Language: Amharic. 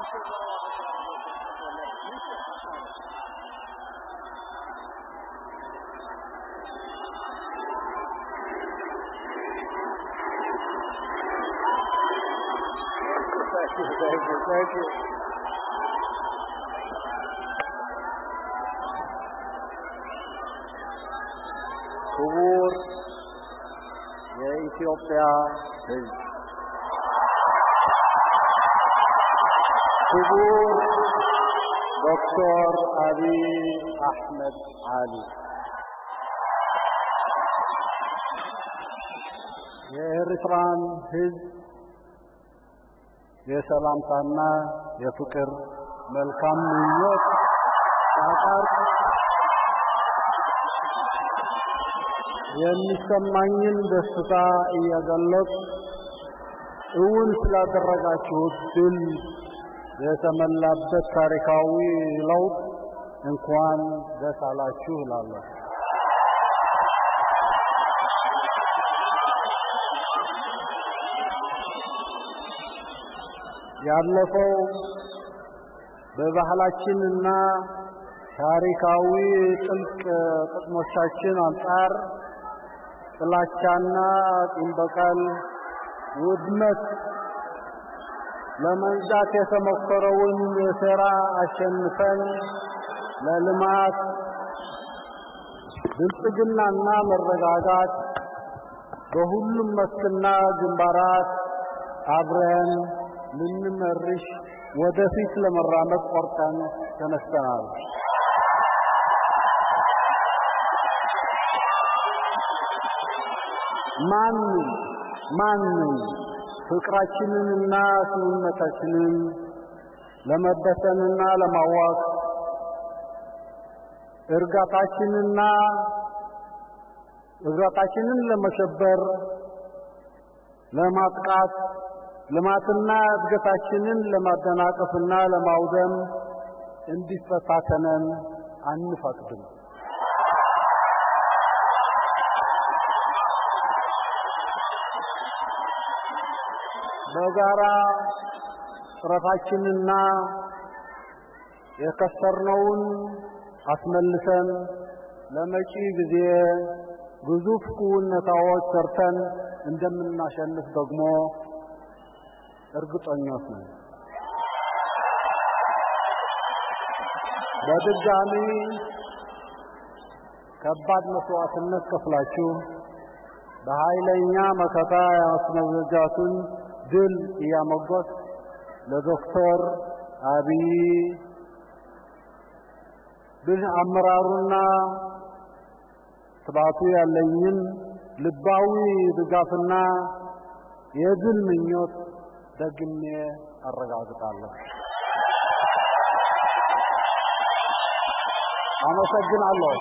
Thank you. Thank you. Kubur, ya Ethiopia, peace. ክቡር ዶክተር አብይ አሕመድ አሊ የኤርትራን ህዝብ የሰላምታና የፍቅር መልካም ምኞት ሳቀርብ የሚሰማኝን ደስታ እየገለጽ እውን ስላደረጋችሁት ድል የተሞላበት ታሪካዊ ለውጥ እንኳን ደስ አላችሁ እላለሁ። ያለፈው በባህላችንና ታሪካዊ ጥልቅ ጥቅሞቻችን አንጻር ጥላቻና ጢም በቀል ውድመት ለመንዛት የተሞከረውን ሴራ አሸንፈን ለልማት ብልጽግናና መረጋጋት በሁሉም መስክና ግንባራት አብረን ልንመርሽ ወደፊት ለመራመድ ቆርጠን ተነስተናል። ማንም ማንም ፍቅራችንንና ስምመታችንን ለመበተንና ለማዋቅ እርጋታችንና እብረታችንን ለመሸበር ለማጥቃት ልማትና እድገታችንን ለማደናቀፍና ለማውደም እንዲፈታተነን አንፈቅድም። በጋራ ጥረታችንና የከሰርነውን አስመልሰን ለመጪ ጊዜ ግዙፍ ክውነታዎች ሰርተን እንደምናሸንፍ ደግሞ እርግጠኞች ነን። በድጋሚ ከባድ መስዋዕትነት ከፍላችሁ በኃይለኛ መከታ ያስመዘጃቱን ድል እያሞገስ ለዶክተር አብይ ብህ አመራሩና ስርዓቱ ያለኝን ልባዊ ድጋፍና የድል ምኞት ደግሜ አረጋግጣለሁ። አመሰግናለሁ።